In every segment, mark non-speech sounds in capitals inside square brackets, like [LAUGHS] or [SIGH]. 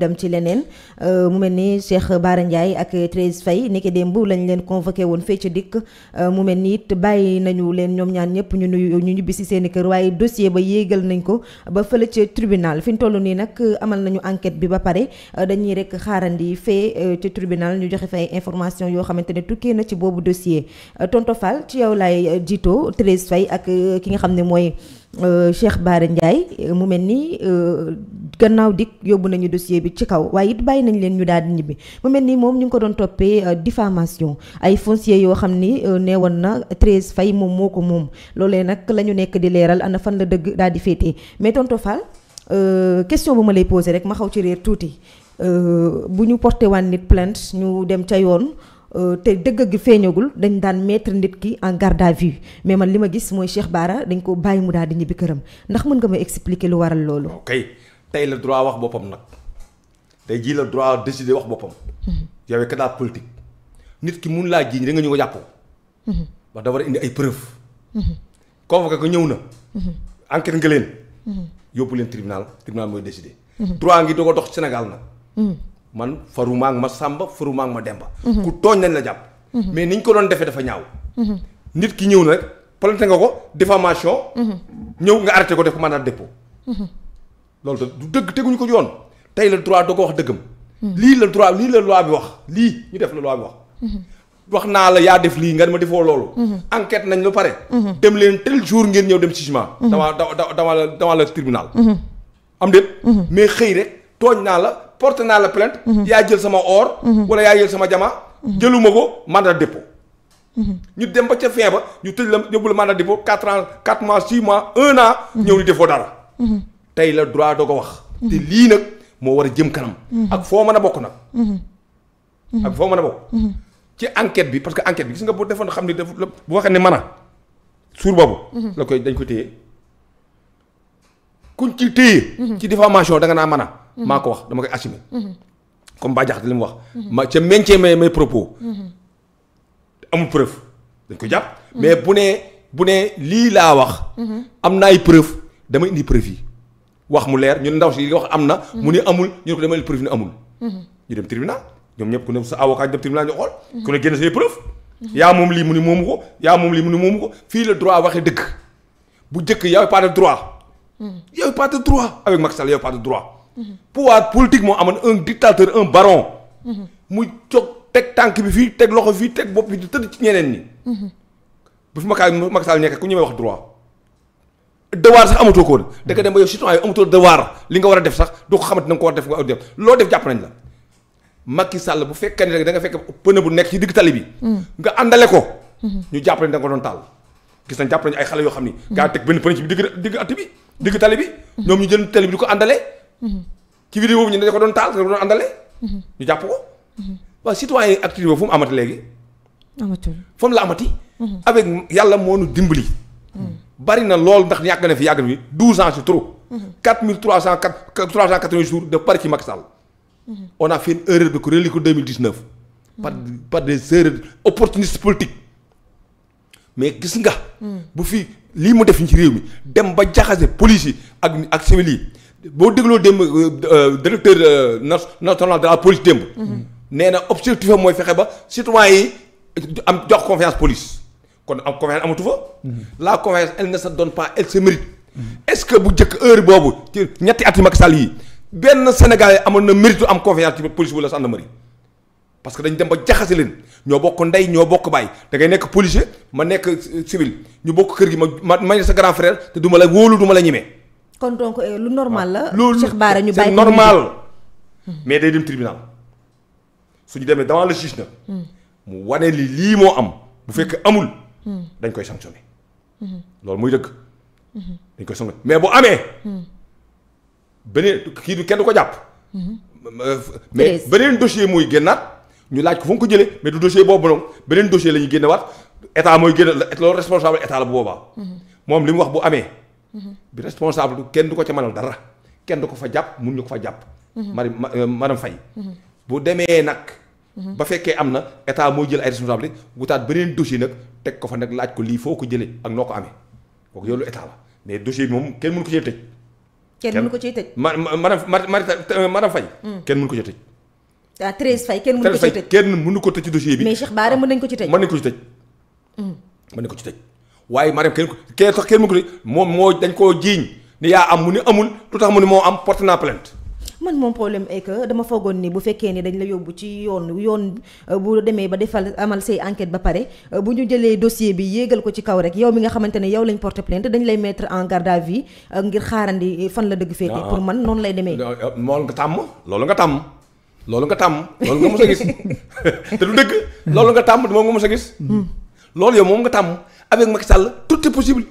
dem ci leneen euh, mu mel ni Cheikh Bara Ndiaye ak Thérèse Faye niki démb lañ leen convoqué woon fee ci dikk euh, mu mel ni it bàyyi nañu leen ñoom ñaan ñëpp ñu nuyu ñu ñibbi si seen i kër waaye dossier ba yéegal nañ ko ba fële ci tribunal fi ñu toll nii nag amal nañu enquête bi ba pare euh, dañuy rek xaarandi fee ci tribunal ñu joxe fa ay information yoo xamante ne tukkee na ci boobu dossier tonto ci yow laay jiito Thérèse Faye ak ki nga xam ne mooy. Euh, Cheikh Bara Ndiaye euh, mu mel ni euh, gannaaw dikk yóbbu nañu dossier bi ci kaw waaye it bàyyi nañ leen ñu daal di ñibbi mu mel ni moom ñu ngi ko doon toppee diffamation ay foncier yoo xam ni neewoon na Thérèse fay moom moo ko moom loolee nag la ñu nekk di leeral ana fan la dëgg daal di féetee mais tonto Fall question bu ma lay posé rek ma xaw ci réer tuuti bu ñu porté waan nit plainte ñu dem ca yoon Euh, te dëgg gi feeñagul dañ daan mettre nit ki en garde à vue mais man li ma gis mooy Cheikh Bara dañ ko bàyyi mu daal di ñibbi këram ndax mën nga ma expliquer lu waral loolu. ok tey la droit wax boppam nag tey jii la droit décider wax boppam. Mm-hmm. yow kadaal politique nit ki mun laa jiiñ da nga ñu ko jàpp. wax da war a indi ay preuves. Mm-hmm. convoqué ko ñëw na. Mm-hmm. enquête nga leen. yóbbu leen tribunal tribunal mooy décider. droit ngi doog a dox Sénégal nag. man faruma ak ma sàmba faruma ak ma demba mhm. ku tooñ nañ la jàpp mhm. mais ni ñu ko doon defee dafa ñaaw mhm. nit ki ñëw na rek plainte nga ko diffamation ñëw nga arrêté ko def ko mandat de dépôt loolu te du dëgg teguñu ko yoon tey la droit da ko wax dëggam lii la droit lii la loi bi wax lii ñu def la loi bi wax wax naa la yaa def lii nga ma defoo loolu enquête nañ lu pare dem leen tel jour ngeen ñëw dem ci jugement dama dama la dama la tribunal am déet mais xëy rek tooñ naa la porté naa la plainte. Mhm. yaa jël sama or. Mhm. wala yaa jël sama jamaa. Mhm. jëluma ko mandat dépôt. ñu dem ba ca fin ba ñu tëj la yóbbu la mandat dépôt quatre ans quatre mois six mois un an. ñëw ni defoo dara. tey la droit doo ko wax. te lii nag moo war a jëm kanam. ak foo mën a bokk nag. ak foo mën a bokk. ci enquête bi parce que enquête bi gis nga bu defoon xam ni daf bu waxee ne mën a suur boobu. la koy dañ ko téye kuñ ci téye. ci diffamation da naa mën Mm-hmm. maa ko wax dama koy assumer. Mm-hmm. comme Bah Diakhaté li mu wax. Mm-hmm. ma ca meññee may may propos. amul preuve dañ ko jàpp. mais bu nee bu nee lii laa wax. am na ay preuve dama indi preuve yi wax mu leer ñun ndaw si li wax am na. mu ni amul ñu ne ko dama indi preuve ne amul. ñu dem tribunal ñoom ñëpp ku ne sa avocat ñu dem tribunal ñu xool. ku ne génne say preuve. yaa moom lii mu ni moomu ko yaa moom lii mu ni moomu ko fii la droit waxee dëkk bu njëkk yow pas de droit. yow pas de droit avec pouvoir politique moo amoon un dictateur un baron. mu jóg teg tànk bi fii teg loxo fii teg bopp bi di tëdd ci ñeneen ñi. bu fi ma Macky Sall nekk ku ñemee wax droit. devoir sax amatoo ko woon. da nga dem ba yow citoyen yi amatoo devoir li nga war a def sax doo ko xamante na nga ko war def nga def loo def jàpp nañ la. Macky Sall bu fekkee ne da nga fekk pneu bu nekk ci digg tali bi. nga àndale ko. ñu jàpp nañ da ko doon taal. gis nañ jàpp nañ ay xale yoo xam ni. gaa teg benn pneu ci digg digg at bi digg tali bi. ñoom ñu jël tali bi ko àndale ci vidéo boobu ñu ne da ko doon taal da ko doon àndale. ñu jàpp ko. waaw citoyen yi activité boobu fu mu amati léegi. amatul fu mu la amati. avec yàlla moo nu dimbali. bari na lool ndax yàgg na fi yàgg na fi douze ans c'est trop. quatre mille trois cent quatre trois cent quatre-vingts jours de pari ci Macky Sall. on a fait une erreur de relique 2019. par par des erreurs opportunistes politiques. mais gis nga. bu fi lii mu def ci réew mi dem ba jaxase police yi ak ak civil boo dégloo démb euh, euh, directeur euh, national de la police démb. Mm-hmm. nee na objectif am mooy fexe ba citoyen yi am jox confiance police kon am confiance amatu fa. Mm-hmm. la confiance elle na sa donne pas elle se mérite. Mm-hmm. est-ce que bu njëkk heure boobu ci ñetti ati Macky Sall yi benn Sénégalais amoon na mérite am confiance ci police wala gendarmerie parce que dañ dem ba jaxase leen ñoo bokk ndey ñoo bokk baay da ngay nekk policier ma nekk civil ñu bokk kër gi ma ma ma sa grand frère la wóolu du ma la ñemee. kon donc euh, lu normal la. loolu Cheikh Bara ñu bàyyi normal. Hmm. mais day dem tribunal su demee devant le juge na. mu wane li lii moo am bu fekk amul. dañ koy sanctionné. loolu muy dëkk. dañ koy sanctionné mais bu amee. beneen kii du kenn ko jàpp. mais beneen dossier muy génnaat ñu laaj ko fu mu ko jële mais du dossier boobu noonu beneen dossier la ñuy génnewaat état mooy génne loolu responsable état la bu boobaa. Hmm. moom li mu wax bu amee. bi responsable du kenn du ko ca mënal dara kenn du ko fa jàpp mun ñu ko fa jàpp. Mhm. mari euh, madame Faye. Mhm. bu demee nag. Mhm. ba fekkee am na état mooy jël ay responsable wutaat beneen dossier nag teg ko fa nag laaj ko lii foo ko jëlee ak noo ko amee kooku yow lu état la mais dossier bi moom kenn mënu ko cee tëj. kenn mënu ko ma madame euh, madame Faye. Mm. kenn mënu ko cee tëj. Ah, ci tëj kenn mënu ko tëj bi. mais Cheikh Bara mën ko ci tëj. mën nañu ko ci mm. ko ci tëj. waaye Marème kenn kenn tax kenn mu ko moom moo dañ koo jiiñ ni yaa am mu ni amul lu tax mu ni moo am porte naa plainte man moom problème est que foogoon ni bu fekkee dañ la yóbbu ci yoon yoon euh, bu demee ba defal amal say enquête ba pare euh, bu ñu jëlee dossier bi yéegal ko ci kaw rek yow mi nga xamante ne yow lañ porté plainte dañ lay mettre en garde euh, ngir xaarandi fan la dëgg féete ah, ah. man noonu lay demee mool nga tàmm loolu nga tàmm loolu nga tàmm loolu nga gis [LAUGHS] te du dëgg loolu nga tàmm moom nga mos a gis hmm. loolu yow moom nga tàmm avec Macky Sall tout est possible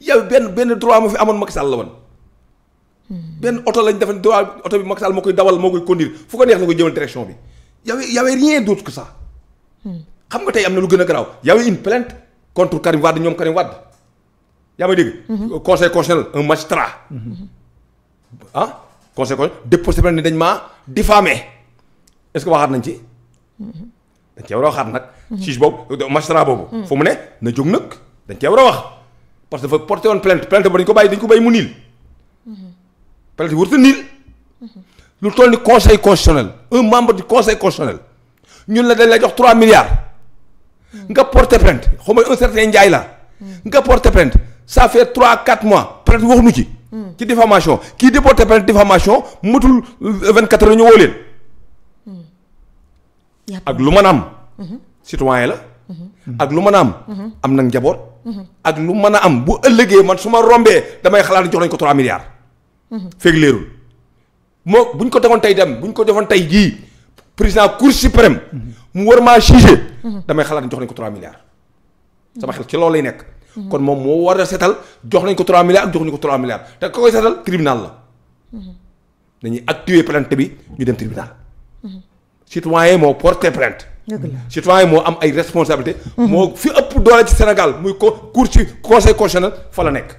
yow benn benn droit ma fi amoon Macky Sall la woon. benn oto lañ defoon droit oto bi Macky Sall moo koy dawal moo koy conduire fu ko neex la koy jëmal direction bi yow yow rien d'autre que ça. xam nga tey am na lu gën a garaaw yow une plainte contre Karim Wade ñoom Karim Wade yaa may dégg. Mhm. conseil constitutionnel un magistrat. Mhm. ah conseil constitutionnel déposé na ne dañ maa diffamé est-ce que waxaat nañ ci. Mhm. dañ cee war a waxaat nag. juge boobu magistrat boobu. fu mu ne na jóg nag dañ cee war a wax parce que dafa porté woon plainte plainte ba dañ ko bàyyi dañ ko bàyyi mu niil. plainte warut a niil. lu toll ni conseil constitutionnel un membre du conseil constitutionnel ñun la dañ lay jox 3 milliards. nga porté plainte xaw ma un certain njaay la. nga porté plainte ça fait 3 4 mois wax waxuñu ci. Hmm. ci diffamation kii di porté plainte diffamation matul 24 heures ñu woo leen. ak lu mën a am. Mm-hmm. citoyen la. Mm-hmm. ak lu mën am. Mm-hmm. am na njaboot. ak lu mën am bu ëllëgee man su ma rombee damay xalaat jox nañ ko 3 milliards. feeg leerul moo bu ñu ko defoon tey dem bu ñu ko defoon tey jii président cour suprême. mu war maa jugé. damay xalaat jox nañ ko 3 milliards. sama xel ci loolu lay nekk. kon moom moo war a setal jox nañ ko 3 milliards ak jox nañ ko 3 milliards te ko koy setal tribunal la. dañuy activer plainte bi ñu dem citoyen moo porté plainte. citoyen moo am ay responsabilité mhm. moo fi ëpp doole ci Sénégal muy co cour ci conseil constitutionnel fa la nekk.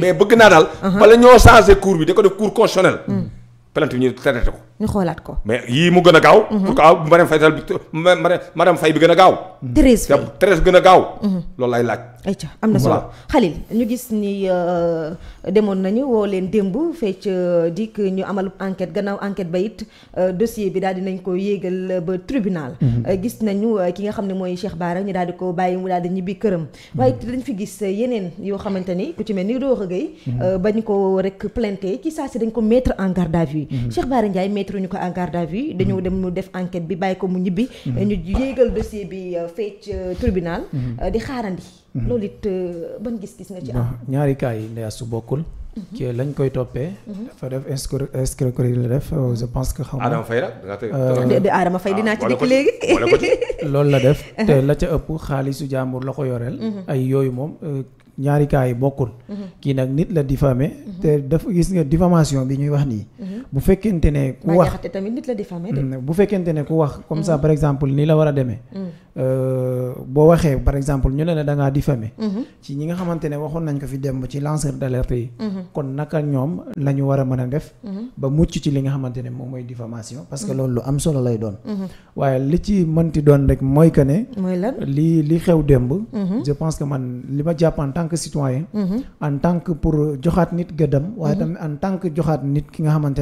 mais bëgg naa daal. Mhm. bala ñoo changé cour bi de ko def cour constitutionnel. Mhm. plainte bi ñu traité ko. ñu xoolaat ko. mais yii mu gën a gaaw. pour que Marème Faye bi madame fay bi gën a gaaw. Thérèse Faye Thérèse gën a gaaw. loolu lay laaj. ayca am na solo Khalil ñu gis ni euh, demoon nañu woo leen démb fecc euh, di que ñu amalu enquête gannaaw enquête ba it euh, dossier bi daal dinañ ko yéegal ba tribunal. Mhm. gis nañu ki nga xam ne mooy Cheikh Bara ñu daal di ko bàyyi mu daal di ñibbi këram. Mhm. waaye dañ fi gis yeneen yoo xamante ni ku ci mel ni Doro Gueye. Mhm. bañ ko rek plainté ci saa si dañ ko mettre en garde à vue. Cheikh Bara Ndiaye mettre ñu ko en garde à vue dañoo dem mu def enquête bi bàyyi ko mu ñibbi. ñu yéegal dossier bi fecc tribunal di xaarandi. Mm-hmm. loolu it euh, ban gis-gis nga ci am. ñaari cas yi ndeyaas su bokkul. Mm-hmm. ki lañ koy toppee. Mm-hmm. dafa def escroquerie la def euh, je que. xam nga Adama Faye la euh, de Adama Faye ah, dinaa ci dikk léegi. [LAUGHS] loolu la def uh-huh. te la ca ëpp xaalisu jàmbur la ko yoreel. ay yooyu moom ñaari cas yi bokkul. kii nag nit la diffamé. te daf gis nga diffamation bi ñuy wax nii. Mm, bu fekkente ne ku wax tamit nit la comme ça mm. par exemple nii la war a demee mm. euh, boo waxee par exemple ñu ne la da ngaa diffamé mm-hmm. ci ñi nga xamante ne waxoon nañ ko fi dem ci lanceur d'alerte yi mm-hmm. kon naka ñoom la ñu war a mën a def mm-hmm. ba mucc ci li nga xamante ne moom mooy diffamation parce que loolu am solo lay doon waaye li ci mënti doon rek mooy que ne li li xew démb je pense que man li ma jàpp en citoyen en tant pour joxaat nit gëddam waaye tamit en tant joxaat nit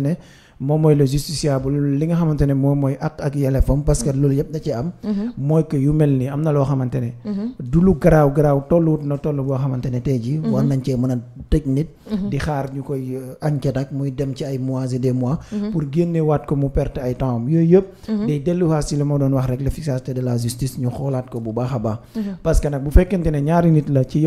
ne moom mooy le justiciable li nga xamante ne moom mooy ak ak yelefam parce loolu yëpp da ci am mm-hmm. mooy que yu mel nii am na loo xamante mm-hmm. du lu garaaw garaaw tolluwut na toll boo xamante tey ji war mm-hmm. nañ cee mën a tëj nit di xaar ñu koy euh, enquête ak muy dem ci ay mois et des mois pour génnewaat ko mu perte ay temps yooyu yëpp day delluwaat si li ma doon wax rek l'efficacité de la justice ñu xoolaat ko bu baax a baax parce que nag bu fekkente ne ñaari nit la ci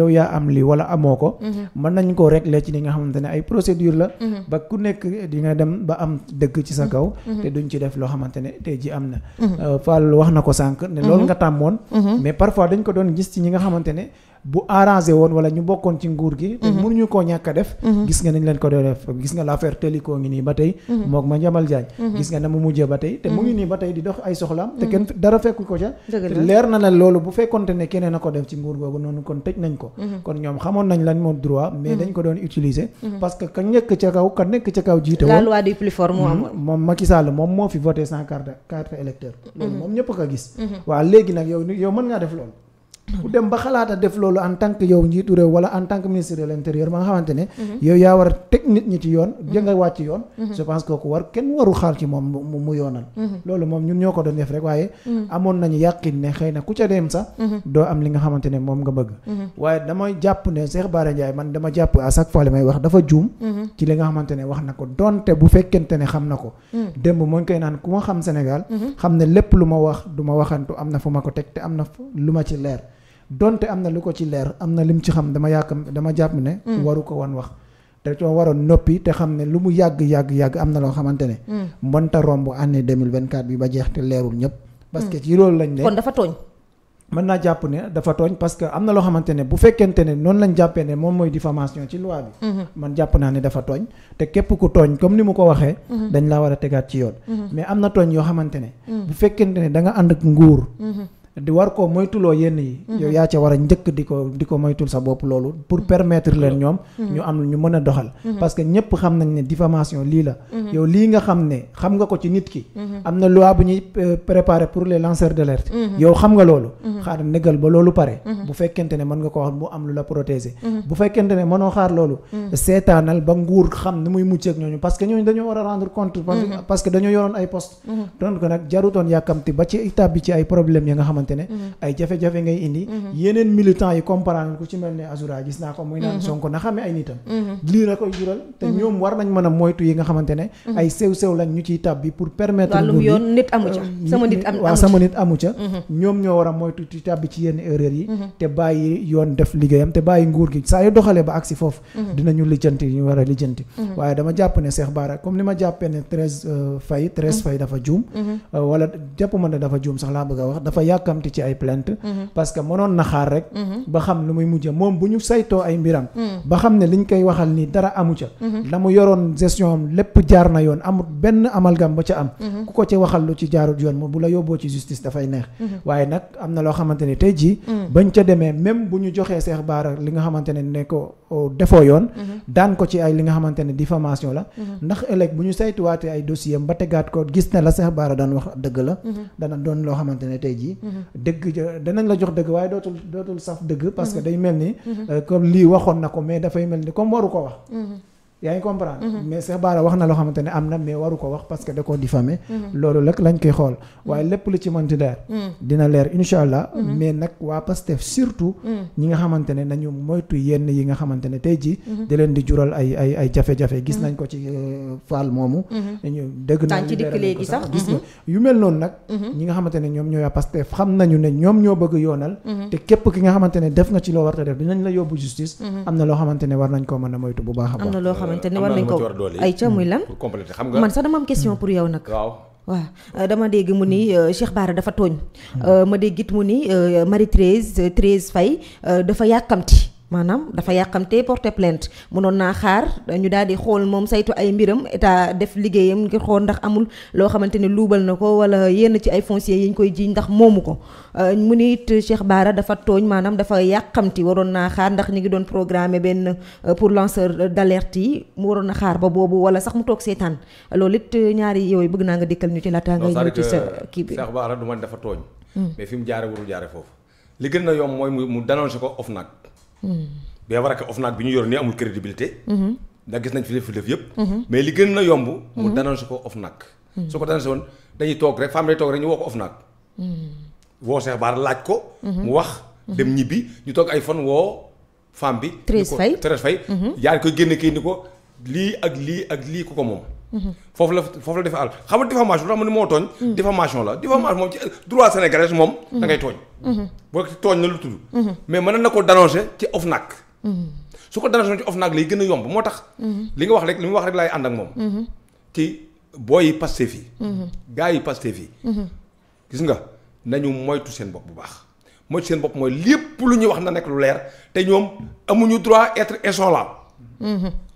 am dëgg ci sa mm-hmm. kaw mm-hmm. te duñ ci def loo xamante ne tey ji am na mm-hmm. euh, Fall wax na ko sànq ne loolu nga tàmmoon mais parfois dañ ko doon gis ci ñi nga xamante ne bu arrangé woon wala ñu bokkoon ci nguur gi. te mënuñu mhm. koo ñàkk a def. Mhm. gis nga nañ leen ko doon def gis nga l'affaire Téliko ngi nii ba tey. Mhm. moog ma Madiambal Diagne. gis nga na mu mujjee ba tey te mu ngi nii ba tey di dox ay soxlaam. te kenn dara fekku ko ca. leer na ne loolu bu fekkonte ne keneen a ko def ci nguur googu noonu kon tëj nañ ko. kon ñoom xamoon nañ lan moo droit mais dañ ko doon utiliser. parce que ka nekk ca kaw ka nekk ca kaw jiite woon. ku dem ba xalaat a def loolu en tant que yow njiitu réew wala en tant que ministre de l' intérieur ba nga xamante ne. Mhm. yow yaa war a teg nit ñi ci yoon. Mhm. jënga wàcc ci yoon. Mhm. je pense que ku war kenn waru xaar ci moom mu na ku li nga xamante ne wax na ko donte bu fekkente ne xam na ko. démb moo ngi koy naan ku ma xam Sénégal. xam ne lépp lu ma wax du ma waxantu am na fu ma ko teg te am na lu ma ci leer donte am na lu ko ci leer am na lim ci xam dama yàkk dama jàpp ne. Mm. waru ko wan wax. te coo waroon noppi te xam ne lu mu yàgg yàgg yàgg am na loo xamante ne. Mm. mënta romb année 2024 bi ba jeex te leerul ñëpp. parce mm. que ci loolu lañ ne kon dafa tooñ. mën naa dafa tooñ parce que am na loo xamante ne bu fekkente ne noonu lañ jàppee ne moom mooy diffamation ci loi bi. Mm-hmm. man jàpp naa ne dafa tooñ. te képp ku tooñ comme ni mu ko waxee. Mm-hmm. dañ laa war a tegaat ci yoon. Mm-hmm. mais am na tooñ yoo xamante ne. bu fekkente ne da nga ànd ak nguur. di war koo moytuloo yenn yi. Mhm. yow yaa ca war a njëkk di ko di ko moytul sa bopp loolu pour mhm. permettre leen ñoom. Mhm. ñu am ñu mën a doxal. parce que ñëpp xam nañ ne diffamation lii la. yow lii nga xam ne xam nga ko ci nit ki. am na loi bu ñuy euh, préparer pour les lanceurs d'alerte. yow xam nga loolu. xaaral négal ba loolu pare. bu fekkente ne mën nga ko wax mu am lu la protéger. bu fekkente ne mënoo xaar loolu. seetaanal ba nguur xam ni muy mucceeg ñooñu parce que ñooñu dañoo a xamante ne mhm. ay jafe-jafe ngay indi mhm. yeneen militants yi comparant ku ci mel ne Azura gis naa ko muy naan mhm. Sonko na xamee ay nitam lii la koy jural te ñoom war nañ mën a moytu yi nga xamante ne ay sew-sew lañ ñu ciy tab bi pour permettre wàllum yoon nit amu ca euh, sama nit amu ca waaw sama nit amu ca ñoom ñoo war a moytu ci tab ci yenn erreur yi te bàyyi yoon def liggéeyam te bàyyi nguur gi saa yu doxalee ba agsi foofu dinañu lijjanti ñu war a lijjanti waaye dama jàpp ne Cheikh Bara comme ni ma jàppee ne treize euh, fay treize fay dafa juum euh, wala jàpp ma dafa juum sax laa bëgg a wax dafa yàkkam yàkkamti ci ay plainte mhm. parce que mënoon na xaar rek mhm. ba xam lu muy mujjee moom bu ñu saytoo ay mbiram mhm. ba xam ne liñ koy waxal nii dara amu ca la yoroon gestion am lépp jaar na yoon amut benn amalgam ba ca am ku ko ci waxal lu ci jaarut yoon moom bu la yóbboo ci justice dafay neex waaye nag am na loo xamante ne tey jii bañ bu ñu joxee Cheikh Bara li nga xamante ne ne ko defoo yoon daan ko ci ay li nga xamante ne diffamation la ndax ëllëg bu ñu saytuwaatee ay dossier ba tegaat ko gis ne la Cheikh Bara daan wax dëgg la dana doon loo xamante tey jii dëgg danañ la jox dëgg waaye dootul dootul saf dëgg parce que mhm. day mel ni mhm. euh, comme lii waxoon na ko mais dafay mel ni comme waru ko wax mhm. yaa ngi comprendre. Mhm. mais Cheikh Bara wax na loo xamante ne am na mais waru ko wax parce da koo diffamé. Mhm. loolu rek lañ koy xool waaye mhm. lépp lu ci mënti leer. dina leer incha allah. mais nag waa Pastef surtout. ñi nga xamante ne nañu moytu yenn yi nga xamante ne tey jii. da leen di jural ay ay ay jafe-jafe gis nañ ko ci euh, faal moomu. ñu dëgg nañ ci sax gis nga yu mel noonu nag. ñi nga xamante ñoom ñooy waa Pastef xam nañu ne ñoom ñoo bëgg yoonal. te képp ki nga xamante ne def nga ci loo war a def dinañ la loo xamante ne war nañ koo mën a moytu bu baax xamante ne war nañ ko war ay ca muy lan xam nga man sax dama am question pour yow nag waaw waaw euh, dama dégg mu ni hmm. euh, Cheikh Bara dafa tooñ euh, ma déggit mu ni Marie Thérèse Thérèse fay dafa yàkkamti maanaam dafa yàqamtee porter plainte mënoon naa xaar ñu daal di xool moom saytu ay mbiram état def liggéeyam ngir xool ndax amul loo xamante ne luubal na ko wala yenn ci ay foncier yi ñu koy jiiñ ndax moomu ko euh, mu ni it Cheikh Bara dafa tooñ maanaam dafa yàqamti waroon naa xaar ndax ñu ngi doon programmer benn euh, pour lanceur d'alerte yi mu waroon na xaar ba boobu wala sax mu toog seetaan loolu it euh, ñaari yooyu bëgg naa nga dikkal ñu ci laataa ngay ñëw ci sa kii bi Cheikh Bara hmm. mais fi jaare warul jaare foofu li gën na yomb mooy mu dénoncé ko OFNAC a vrai que OFNAC bi ñu yor nii amul crédibilité. Mhm. ndax gis nañ fi def def yëpp. Mhm. mais li gën na yomb. mu mhm. dénoncé ko OFNAC. su ko dénoncé woon dañuy toog rek femme day toog rek ñu woo ko OFNAC. woo Cheikh Bara laaj ko. mu wax dem ñibbi ñu toog ay fan woo femme bi. Thérèse Faye Thérèse Faye. yaa ngi koy génne kii ni ko lii ak lii ak lii ku ko moom. foofu la foofu la diffa àll xam nga diffamation lu tax ma ni moo tooñ diffamation la diffamation moom ci droit sénégalais moom da tooñ boo tooñ na lu tudd mais mën na ko dénoncer ci OFNAC su ko dénoncer ci OFNAC lay gën a yomb moo tax li nga wax rek li mu wax rek laay ànd ak moom ci booy yi Pastef yi gars yi Pastef yi gis nga nañu moytu seen bopp bu baax moytu seen bopp mooy lépp lu ñuy wax na nekk lu leer te ñoom amuñu droit être insolent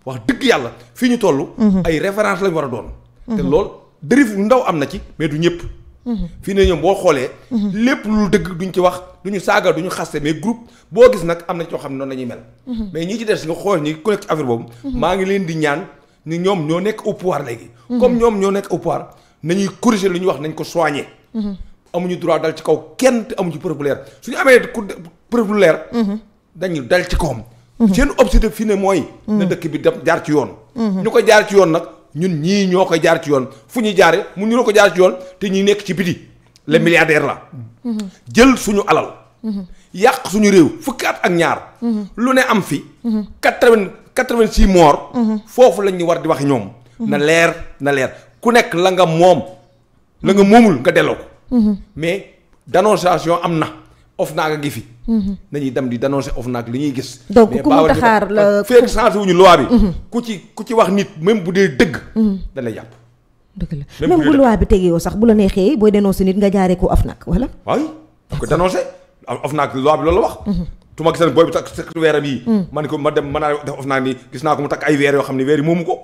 wax dëgg yàlla fii ñu toll. Mhm. ay référence lañ war a doon. te mhm. loolu dérive ndaw am na ci mais du ñëpp. Mhm. fii ne ñoom boo xoolee. lépp lu dëgg duñ ci wax duñu saaga duñu xaste mais groupe boo gis nag am na coo xam ne noonu la ñuy mel. mais ñi ci des nga xool ñi ku leen di ñaan ni ñoom ñoo nekk au pouvoir léegi. comme ñoom ñoo nekk au pouvoir nañuy corriger lu ñu wax nañ ko soigner. amuñu droit dal ci kaw kenn te amuñu preuve su leer suñu amee ku preuve bu dañu dal ci kawam. Mhm. seen objectif fi ne mooy. Mhm. na dëkk bi dem jaar ci yoon. Mhm. ñu ko jaar ci yoon nag ñun ñii ñoo ko jaar ci yoon fu ñuy jaaree mu ñu ko jaar ci yoon te ñuy nekk ci biti les milliardaires la. jël suñu alal. yàq suñu réew fukki at ak ñaar. lu ne am fi. quatre-vingt quatre-vingt-six morts. foofu lañ ñu war di wax ñoom. na leer na leer ku nekk la nga moom. la nga moomul nga delloo ko. mais dénonciation am na. OFNAC a ngi fi. Mhm. nañuy dem di dénoncer OFNAC li ñuy gis. donc ku mu taxaar la fekk changé wuñu loi bi. Mhm. ku ci ku ci wax nit même bu dee dëgg. Mhm. da lay yàpp. dëgg bu loi bi tegeewoo sax bu la neexee booy dénoncer nit nga jaaree ko OFNAC wala. waay da ko dénoncer OFNAC loi bi loolu la wax. tu ma gisee booy bi takk takk weeram yi. ma ne ko ma dem mën naa def OFNAC nii gis naa ko mu takk ay weer yoo xam ne weer yi moomu ko.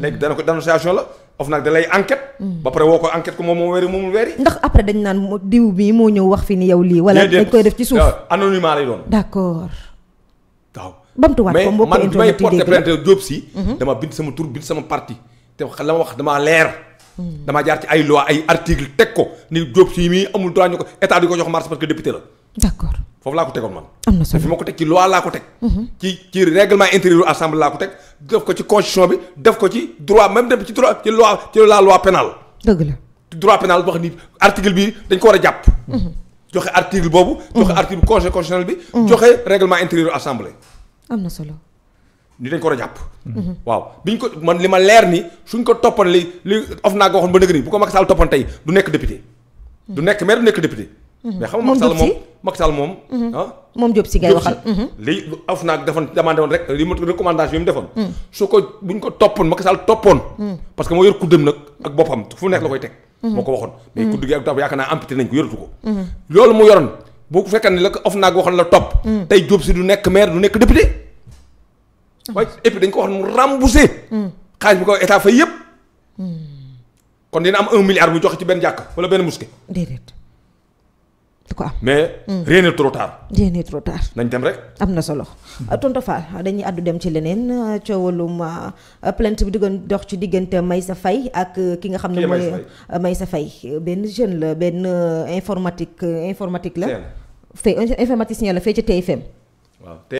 léegi dana ko dénonciation of nag da lay enquête. Mm. ba pare woo ko enquête ko moom moo weeri moomul weeri. ndax après dañ naan diw bii moo ñëw wax fi ni yow lii. wala dañ koy def ci suuf anonymat lay doon. d'accord. waaw bamtuwaat ko mbokk internet mais man bi may porté plainte Diop mhm. dama bind sama tur bind sama parti te la ma wax damaa leer. damaa jaar ci ay loi ay article teg ko ni Diop si mii amul droit ñu ko état di ko jox marché parce que député la. d'accord foofu laa ko tegoon man. am na ko ci loi laa ko teg. Mhm. ci ci règlement intérieur assemblée bi def ko ci droit même dem ci a jàpp. Mhm. boobu. joxe mhm. article conseil constitutionnel bi. joxe règlement intérieur assemblée. am na solo. ni dañ ko war a ko man li ma leer ni suñ ko toppan li li of naa ko waxoon bu ko mhm. mais ma mhm. ah? mhm. recommandation yi mu defoon. su ko buñ ko toppoon Macky Sall toppoon. parce que moo yor kuddam nag ak boppam fu nekk la koy teg. moo ko waxoon mais kudd gi ak dafa naa amputé nañ ko yoratu ko. loolu mu yoroon bu fekkee ne la ko of waxoon la topp. tey Diop si du nekk maire du nekk député waaye et puis dañ ko wax mu remboursé. Hmm. xaalis bi ko état fay yëpp. Hmm. kon dina am un milliard bu jox ci benn jàkk wala benn mosquée. déedéet du ko am. mais hmm. rien trop tard. nañ dem rek. am na solo tonton Fall dañuy àddu dem ci leneen coowalum ah, plainte bi diggoon dox ci diggante may sa Faye ak ah, ki nga xam ne may sa ah, Faye benn jeune la benn informatique informatique la. fee informaticien la fee ci TFM.